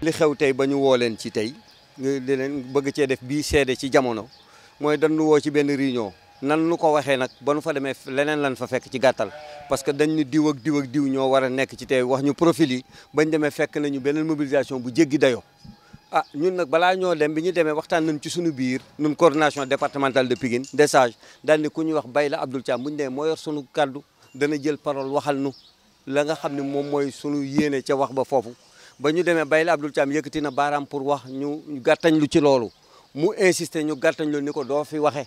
li xew tey ba ñu woo leen ci tey di leen bëgg cee def bii seede ci jamono mooy dañ woo ci benn réunion nan nu ko waxee nag ba nu fa demee leneen lan fa fekk ci gàttal parce que dañ diw ak diw ak diw ñoo war a nekk ci tey wax ñu profil yi bañ demee fekk nañu beneen mobilisation bu jéggi dayoo a ah, ñun nag balaa ñoo dem bi ñu demee waxtaan nañ ci suñu biir ñun coordination départementale de Pikine des Sages daal ni ku ñuy wax la Abdoul Thiam bu ñu demee moo yor sunu kàddu dana jël parole waxal nu la nga xam ne moom mooy suñu yéene ca wax ba foofu ba ñu demee Bayel Abdoul Thiam yëkkati na baaraam pour wax ñu gàttañ lu ci loolu mu insister ñu gàttañ lu ni ko doo fi waxe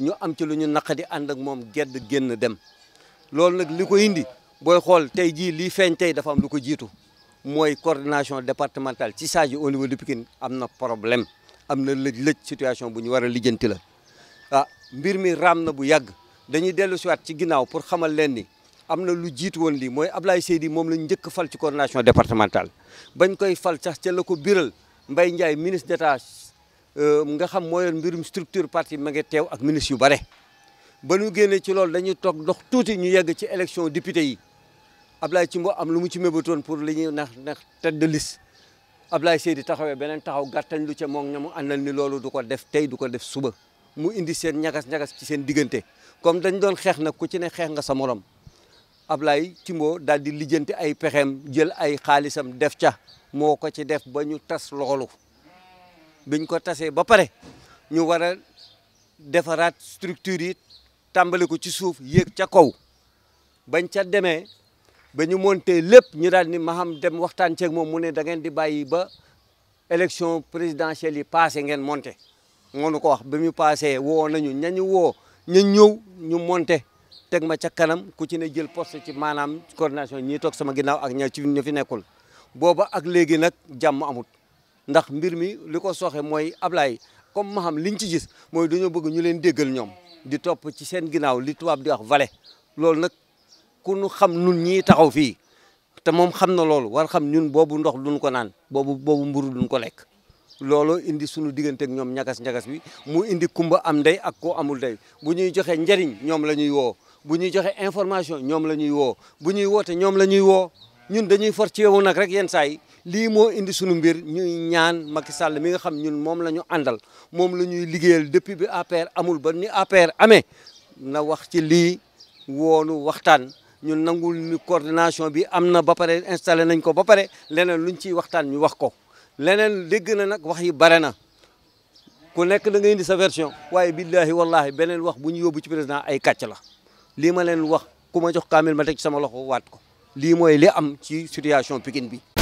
ñu am ci lu ñu naq di ànd ak moom gedd génn dem loolu nag li ko indi booy xool tey jii lii feeñ tey dafa am lu ko jiitu mooy coordination départementale ci Sadio au niveau de Pikine am na problème am na lëj-lëj situation bu ñu war a lijjanti la ah mbir mi raam na bu yàgg dañuy dellu siwaat ci ginnaaw pour xamal leen ni am na lu jiitu woon lii mooy Ablaye Seydi moom la njëkk fal ci coordination départementale bañ koy fal sax ca la ko biral Mbaye Ndiaye ministre d'état euh, nga xam mooy mbirum structure parti ma ngi teew ak ministre yu bare ba ñu génnee ci loolu dañuy toog dox tuuti ñu yegg ci élection député yi ci Thimbo am lu mu ci mébatoon pour li ñuy nax nax tête de liste taxawee beneen taxaw gàttañ lu ca moom ña mu àndal ni loolu du ko def tey du ko def suba mu indi seen ñagas-ñagas ci seen diggante comme dañ doon xeex nag ku ci ne xeex nga sa morom Ablaye Timbo daal di lijjanti ay pexeem jël ay xaalisam def ca moo ko ci def ba ñu tas loolu biñ ko tasee ba pare ñu war a defaraat structure yi tàmbali ko ci suuf yéeg ca kaw bañ ca demee ba ñu monté lépp ñu daal ni ma xam dem waxtaan ceeg moom mu ne da ngeen di bàyyi ba élection présidentielle yi passé ngeen monté moo ko wax ba mu passé woo nañu ñañu woo ñu ñëw ñu monté teg ma ca kanam ku ci ne jël poste ci maanaam coordination ñii toog sama ginnaaw ak ña ci ñu fi nekkul booba ak léegi nag jàmm amut ndax mbir mi li ko sooxe mooy Ablaye comme ma xam liñ ci gis mooy dañoo bëgg ñu leen déggal ñoom di topp ci seen ginnaaw li tubaab di wax vale loolu nag ku nu xam nun ñii taxaw fii te moom xam na loolu war xam ñun boobu ndox duñ ko naan boobu boobu mburu duñ ko lekk loolu indi sunu digganteeg ñoom ñagas-ñagas bi mu indi kumba am ndey ak ko amul ndey bu ñuy joxe njariñ ñoom la ñuy woo bu ñuy joxe information ñoom la ñuy woo bu ñuy woote ñoom la ñuy woo ñun dañuy for ci nag rek yenn saa yi lii moo indi sunu mbir ñuy ñaan Macky Sall mi nga xam ñun moom la ñu àndal moom la ñuy liggéeyal depuis bi APR amul ba ni APR amee na wax ci lii woonu waxtaan ñun nangul coordination bi am na ba pare installé nañ ko ba pare leneen luñ ciy waxtaan ñu wax ko leneen dégg na nag wax yi bare na ku nekk da nga indi sa version waaye billahi wallahi beneen wax bu ñu yóbbu ci président ay kàcc la lii ma leen wax ku ma jox kaamil ma teg ci sama loxo waat ko lii mooy li am ci situation Pikine bi